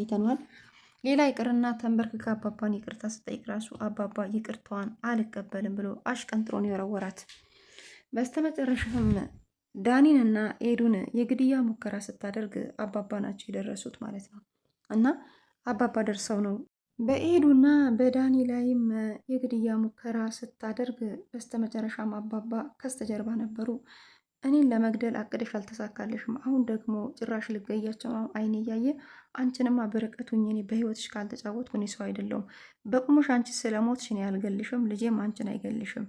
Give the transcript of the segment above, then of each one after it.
አይተነዋል። ሌላ ይቅርና ተንበርክካ አባባን ይቅርታ ስጠይቅ ራሱ አባባ ይቅርታዋን አልቀበልም ብሎ አሽቀንጥሮን የወረወራት። በስተመጨረሻም ዳኒንና ኤዱን የግድያ ሙከራ ስታደርግ አባባ ናቸው የደረሱት ማለት ነው። እና አባባ ደርሰው ነው በኤዱና በዳኒ ላይም የግድያ ሙከራ ስታደርግ በስተመጨረሻም አባባ ከስተጀርባ ነበሩ። እኔን ለመግደል አቅደሽ አልተሳካልሽም። አሁን ደግሞ ጭራሽ ልገያቸው ነው አይኔ እያየ አንቺንማ በርቀቱኝ። እኔ በህይወትሽ ካልተጫወትኩ እኔ ሰው አይደለሁም። በቁሙሽ አንቺ ስለሞትሽ እኔ አልገልሽም፣ ልጄም አንቺን አይገልሽም።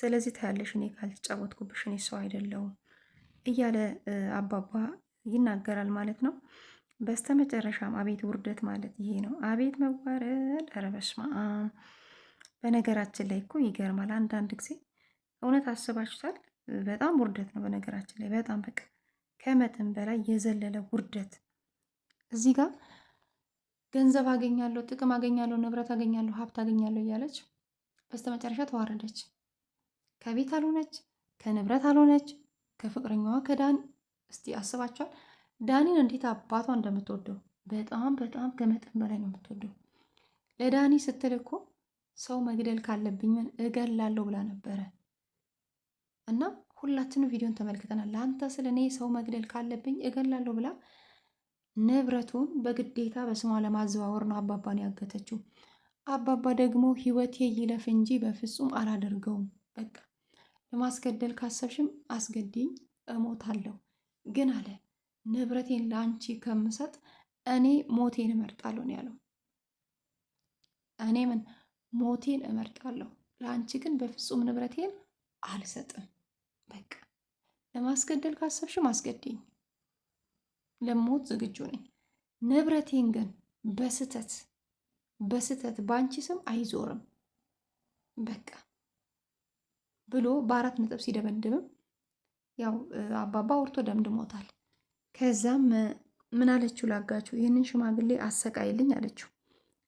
ስለዚህ ታያለሽ፣ እኔ ካልተጫወትኩብሽ እኔ ሰው አይደለሁም እያለ አባባ ይናገራል ማለት ነው። በስተመጨረሻም አቤት ውርደት ማለት ይሄ ነው። አቤት መዋረድ! ኧረ በስመ አብ! በነገራችን ላይ እኮ ይገርማል። አንዳንድ ጊዜ እውነት አስባችሁታል በጣም ውርደት ነው። በነገራችን ላይ በጣም በቃ ከመጠን በላይ የዘለለ ውርደት። እዚህ ጋር ገንዘብ አገኛለሁ፣ ጥቅም አገኛለሁ፣ ንብረት አገኛለሁ፣ ሀብት አገኛለሁ እያለች በስተመጨረሻ ተዋረደች። ከቤት አልሆነች፣ ከንብረት አልሆነች፣ ከፍቅረኛዋ ከዳን እስቲ አስባችኋል። ዳኒን እንዴት አባቷ እንደምትወደው በጣም በጣም ከመጠን በላይ ነው የምትወደው። ለዳኒ ስትል እኮ ሰው መግደል ካለብኝ እገላለሁ ብላ ነበረ። እና ሁላችንም ቪዲዮን ተመልክተናል። ለአንተ ስለ እኔ ሰው መግደል ካለብኝ እገላለሁ ብላ ንብረቱን በግዴታ በስሟ ለማዘዋወር ነው አባባን ያገተችው። አባባ ደግሞ ህይወቴ ይለፍ እንጂ በፍጹም አላደርገውም። በቃ ለማስገደል ካሰብሽም አስገድኝ፣ እሞታለሁ ግን አለ ንብረቴን ለአንቺ ከምሰጥ እኔ ሞቴን እመርጣለሁ ነው ያለው። እኔ ምን ሞቴን እመርጣለሁ፣ ለአንቺ ግን በፍጹም ንብረቴን አልሰጥም። በቃ ለማስገደል ካሰብሽ ማስገደኝ፣ ለሞት ዝግጁ ነኝ። ንብረቴን ግን በስተት በስተት በአንቺ ስም አይዞርም በቃ ብሎ በአራት ነጥብ ሲደመድምም ያው አባባ ወርቶ ደምድሞታል። ከዛም ምን አለችው ላጋችሁ፣ ይህንን ሽማግሌ አሰቃይልኝ አለችው።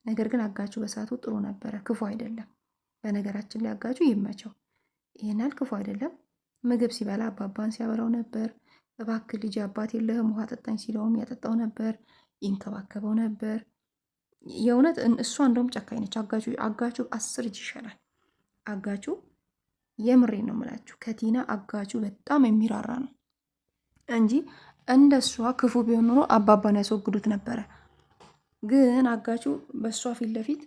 ነገር ግን አጋችሁ በሰዓቱ ጥሩ ነበረ፣ ክፉ አይደለም። በነገራችን ላይ አጋችሁ ይመቸው፣ ይህናል ክፉ አይደለም። ምግብ ሲበላ አባባን ሲያበላው ነበር። እባክህ ልጅ አባት የለህም ውሃ ጠጣኝ ሲለውም ያጠጣው ነበር፣ ይንከባከበው ነበር። የእውነት እሷ እንደውም ጨካኝ ነች። አጋቹ አጋቹ አስር እጅ ይሻላል። አጋቹ የምሬ ነው ምላችሁ፣ ከቲና አጋቹ በጣም የሚራራ ነው እንጂ እንደ እሷ ክፉ ቢሆን ኑሮ አባባን ያስወግዱት ነበረ። ግን አጋቹ በእሷ ፊት ለፊት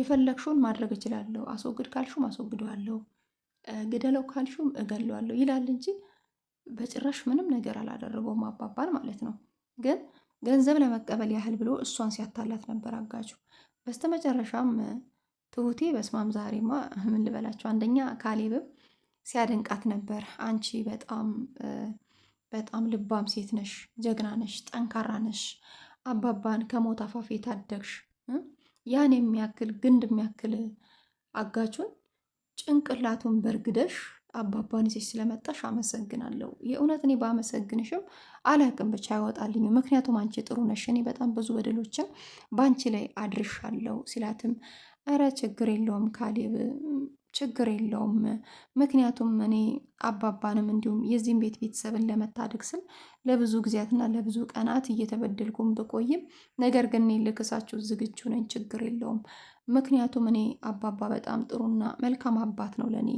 የፈለግሽውን ማድረግ እችላለሁ፣ አስወግድ ካልሹም አስወግደዋለሁ ግደለው ካልሹም እገለዋለሁ ይላል እንጂ በጭራሽ ምንም ነገር አላደረገውም አባባል ማለት ነው። ግን ገንዘብ ለመቀበል ያህል ብሎ እሷን ሲያታላት ነበር አጋቹ። በስተመጨረሻም ትሁቴ በስማም ዛሬማ ምን ልበላቸው። አንደኛ ካሌብም ሲያደንቃት ነበር። አንቺ በጣም በጣም ልባም ሴት ነሽ፣ ጀግና ነሽ፣ ጠንካራ ነሽ፣ አባባን ከሞት አፋፍ የታደግሽ ያን የሚያክል ግንድ የሚያክል አጋቹን ጭንቅላቱን በርግደሽ አባባን ይዘሽ ስለመጣሽ አመሰግናለሁ። የእውነት እኔ ባመሰግንሽም አላቅም ብቻ አይወጣልኝ። ምክንያቱም አንቺ ጥሩ ነሽ፣ እኔ በጣም ብዙ በደሎችን በአንቺ ላይ አድርሻለሁ ሲላትም ኧረ ችግር የለውም ካሌብ ችግር የለውም። ምክንያቱም እኔ አባባንም እንዲሁም የዚህም ቤት ቤተሰብን ለመታደግ ስል ለብዙ ጊዜያትና ለብዙ ቀናት እየተበደልኩም ብቆይም ነገር ግን እኔ ልክሳችሁ ዝግጁ ነኝ። ችግር የለውም። ምክንያቱም እኔ አባባ በጣም ጥሩና መልካም አባት ነው ለእኔ።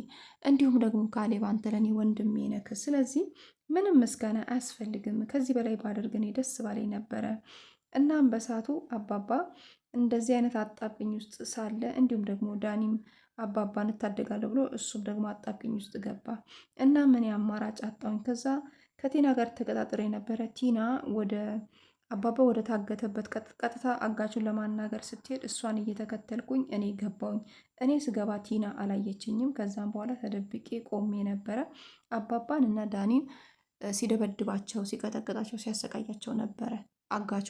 እንዲሁም ደግሞ ካሌብ አንተ ለእኔ ወንድሜ ነክ። ስለዚህ ምንም ምስጋና አያስፈልግም። ከዚህ በላይ ባደርግ እኔ ደስ ባለኝ ነበረ። እናም በሳቱ አባባ እንደዚህ አይነት አጣብኝ ውስጥ ሳለ እንዲሁም ደግሞ ዳኒም አባባን እታደጋለሁ ብሎ እሱም ደግሞ አጣብቂኝ ውስጥ ገባ እና ምን አማራጭ አጣውኝ። ከዛ ከቲና ጋር ተቀጣጥሮ የነበረ ቲና ወደ አባባ ወደ ታገተበት ቀጥታ አጋቹን ለማናገር ስትሄድ እሷን እየተከተልኩኝ እኔ ገባውኝ። እኔ ስገባ ቲና አላየችኝም። ከዛም በኋላ ተደብቄ ቆሜ ነበረ። አባባን እና ዳኒን ሲደበድባቸው፣ ሲቀጠቅጣቸው፣ ሲያሰቃያቸው ነበረ። አጋቹ።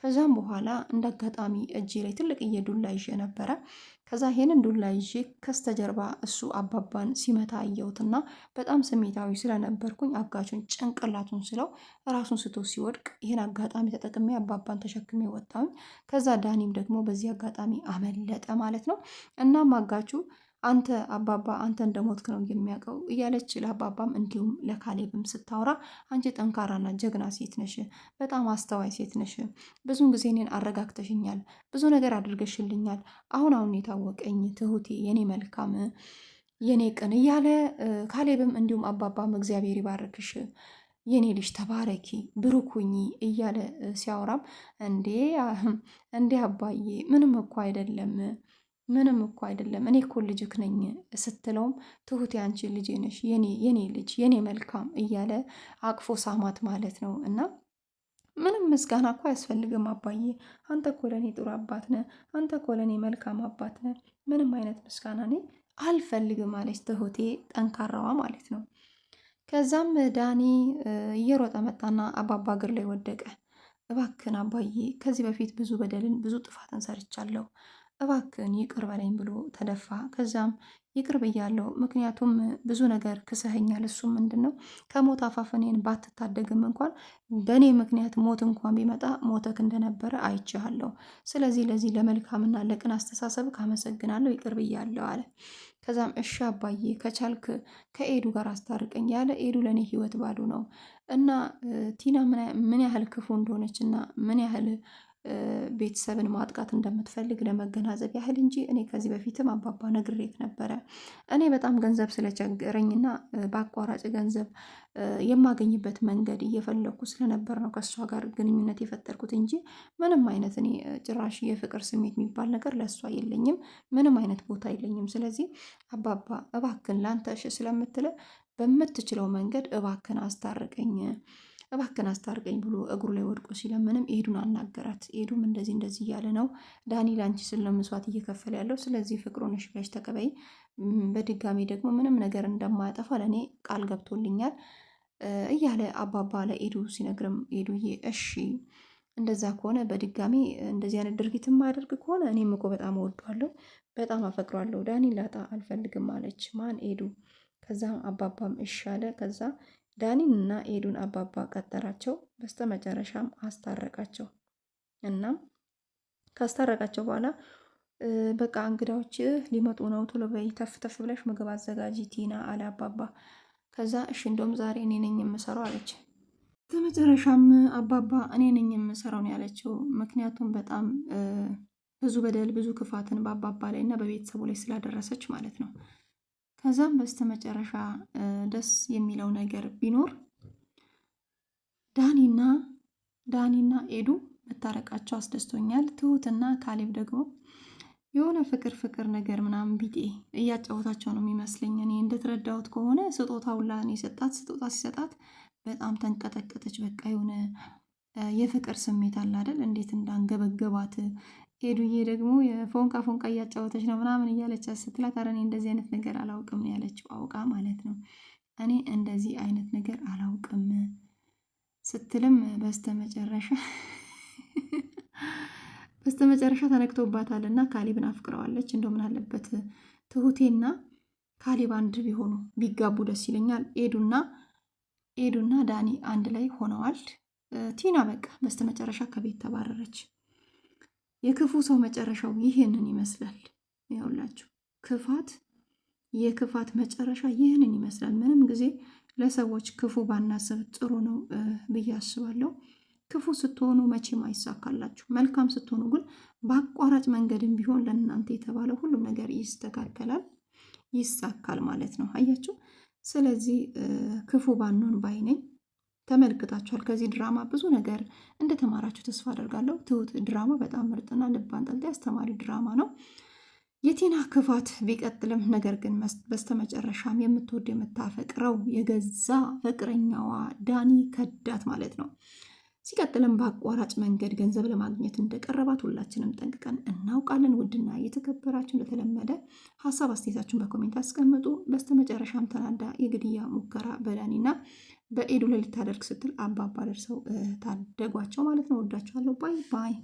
ከዛም በኋላ እንደ አጋጣሚ እጄ ላይ ትልቅዬ ዱላ ይዤ ነበረ። ከዛ ይሄንን ዱላ ይዤ ከስተጀርባ እሱ አባባን ሲመታ አየሁትና በጣም ስሜታዊ ስለነበርኩኝ አጋቹን ጭንቅላቱን ስለው ራሱን ስቶ ሲወድቅ ይህን አጋጣሚ ተጠቅሜ አባባን ተሸክሜ ወጣሁኝ። ከዛ ዳኒም ደግሞ በዚህ አጋጣሚ አመለጠ ማለት ነው። እናም አጋቹ አንተ አባባ አንተ እንደሞትክ ነው የሚያውቀው እያለች ለአባባም እንዲሁም ለካሌብም ስታወራ አንቺ ጠንካራና ጀግና ሴት ነሽ፣ በጣም አስተዋይ ሴት ነሽ፣ ብዙን ጊዜ እኔን አረጋግተሽኛል፣ ብዙ ነገር አድርገሽልኛል። አሁን አሁን የታወቀኝ ትሁቴ፣ የኔ መልካም፣ የኔ ቅን እያለ ካሌብም እንዲሁም አባባም እግዚአብሔር ይባርክሽ የኔ ልጅ ተባረኪ ብሩኩኝ እያለ ሲያወራም እንዴ እንዴ አባዬ ምንም እኮ አይደለም ምንም እኮ አይደለም እኔ እኮ ልጅክ ነኝ ስትለውም ትሁቴ አንቺ ልጅ ነሽ የኔ ልጅ የኔ መልካም እያለ አቅፎ ሳማት ማለት ነው እና ምንም ምስጋና እኮ አያስፈልግም አባዬ፣ አንተ እኮ ለእኔ ጥሩ አባት ነህ፣ አንተ እኮ ለእኔ መልካም አባት ነህ፣ ምንም አይነት ምስጋና እኔ አልፈልግም አለች ትሁቴ ጠንካራዋ ማለት ነው። ከዛም ዳኒ እየሮጠ መጣና አባባ እግር ላይ ወደቀ። እባክን አባዬ፣ ከዚህ በፊት ብዙ በደልን ብዙ ጥፋትን ሰርቻለሁ፣ እባክን ይቅር በለኝ ብሎ ተደፋ። ከዛም ይቅር ብያለሁ፣ ምክንያቱም ብዙ ነገር ክሰኸኛል። እሱ ምንድን ነው ከሞት አፋፍኔን ባትታደግም እንኳን በእኔ ምክንያት ሞት እንኳን ቢመጣ ሞተክ እንደነበረ አይቼሃለሁ። ስለዚህ ለዚህ ለመልካምና ለቅን አስተሳሰብ ካመሰግናለሁ፣ ይቅር ብያለሁ አለ። ከዛም እሺ አባዬ ከቻልክ ከኤዱ ጋር አስታርቀኝ ያለ ኤዱ ለእኔ ህይወት ባሉ ነው እና ቲና ምን ያህል ክፉ እንደሆነች እና ምን ያህል ቤተሰብን ማጥቃት እንደምትፈልግ ለመገናዘብ ያህል እንጂ እኔ ከዚህ በፊትም አባባ ነግሬት ነበረ። እኔ በጣም ገንዘብ ስለቸገረኝና በአቋራጭ ገንዘብ የማገኝበት መንገድ እየፈለግኩ ስለነበር ነው ከእሷ ጋር ግንኙነት የፈጠርኩት እንጂ ምንም አይነት እኔ ጭራሽ የፍቅር ስሜት የሚባል ነገር ለእሷ የለኝም፣ ምንም አይነት ቦታ የለኝም። ስለዚህ አባባ እባክን ላንተ እሺ ስለምትለ በምትችለው መንገድ እባክን አስታርቀኝ እባክን አስታርቀኝ ብሎ እግሩ ላይ ወድቆ ሲለምንም ኤዱን አናገራት። ኤዱም እንደዚህ እንደዚህ እያለ ነው ዳኒ ላንቺ ስል ነው መስዋዕት እየከፈለ ያለው። ስለዚህ ፍቅሩን ሽጋሽ ተቀበይ። በድጋሚ ደግሞ ምንም ነገር እንደማያጠፋ ለእኔ ቃል ገብቶልኛል እያለ አባባ ለኤዱ ሲነግርም ኤዱዬ እሺ እንደዛ ከሆነ በድጋሚ እንደዚህ አይነት ድርጊት የማያደርግ ከሆነ እኔም እኮ በጣም እወዷለሁ፣ በጣም አፈቅሯለሁ፣ ዳኒ ላጣ አልፈልግም አለች። ማን ኤዱ። ከዛም አባባም እሺ አለ። ከዛ ዳኒን እና ኤዱን አባባ ቀጠራቸው። በስተመጨረሻም አስታረቃቸው። እናም ካስታረቃቸው በኋላ በቃ እንግዳዎች ሊመጡ ነው፣ ቶሎ በይ ተፍተፍ ብለሽ ምግብ አዘጋጂ ቲና አለ አባባ። ከዛ እሺ እንደውም ዛሬ እኔ ነኝ የምሰራው አለች። በመጨረሻም አባባ እኔ ነኝ የምሰራው ነው ያለችው። ምክንያቱም በጣም ብዙ በደል ብዙ ክፋትን በአባባ ላይ እና በቤተሰቡ ላይ ስላደረሰች ማለት ነው። ከዛም በስተመጨረሻ ደስ የሚለው ነገር ቢኖር ዳኒና ዳኒና ኤዱ መታረቃቸው አስደስቶኛል። ትሁትና ካሌብ ደግሞ የሆነ ፍቅር ፍቅር ነገር ምናምን ቢጤ እያጫወታቸው ነው የሚመስለኝ። እኔ እንደተረዳሁት ከሆነ ስጦታ ውላ የሰጣት ስጦታ ሲሰጣት በጣም ተንቀጠቀጠች። በቃ የሆነ የፍቅር ስሜት አለ አይደል? እንዴት እንዳንገበገባት ሄዱዬ ደግሞ የፎንቃ ፎንቃ እያጫወተች ነው ምናምን እያለች ስትላት፣ ኧረ እኔ እንደዚህ አይነት ነገር አላውቅም ነው ያለችው። አውቃ ማለት ነው። እኔ እንደዚህ አይነት ነገር አላውቅም ስትልም በስተመጨረሻ በስተመጨረሻ ተነክቶባታል እና ካሊብን አፍቅረዋለች። እንደው ምን አለበት ትሁቴና ካሊብ አንድ ቢሆኑ ቢጋቡ ደስ ይለኛል። ኤዱና ኤዱና ዳኒ አንድ ላይ ሆነዋል። ቲና በቃ በስተመጨረሻ ከቤት ተባረረች። የክፉ ሰው መጨረሻው ይህንን ይመስላል። ያውላችሁ ክፋት የክፋት መጨረሻ ይህንን ይመስላል። ምንም ጊዜ ለሰዎች ክፉ ባናስብ ጥሩ ነው ብዬ አስባለሁ። ክፉ ስትሆኑ መቼም አይሳካላችሁ። መልካም ስትሆኑ ግን በአቋራጭ መንገድም ቢሆን ለእናንተ የተባለ ሁሉም ነገር ይስተካከላል፣ ይሳካል ማለት ነው። አያችሁ። ስለዚህ ክፉ ባንሆን ባይነኝ። ተመልክታችኋል። ከዚህ ድራማ ብዙ ነገር እንደተማራችሁ ተስፋ አደርጋለሁ። ትሁት ድራማ በጣም ምርጥና ልብ አንጠልጣይ አስተማሪ ድራማ ነው። የቲና ክፋት ቢቀጥልም ነገር ግን በስተመጨረሻም የምትወድ የምታፈቅረው የገዛ ፍቅረኛዋ ዳኒ ከዳት ማለት ነው። ሲቀጥልም በአቋራጭ መንገድ ገንዘብ ለማግኘት እንደቀረባት ሁላችንም ጠንቅቀን እናውቃለን። ውድና እየተከበራችሁ እንደተለመደ ሀሳብ አስተያየታችሁን በኮሜንት አስቀምጡ። በስተመጨረሻም ተናዳ የግድያ ሙከራ በዳኒና በኢዱ ውል ልታደርግ ስትል አባባ ደርሰው ታደጓቸው ማለት ነው። ወዳቸዋለሁ። ባይ ባይ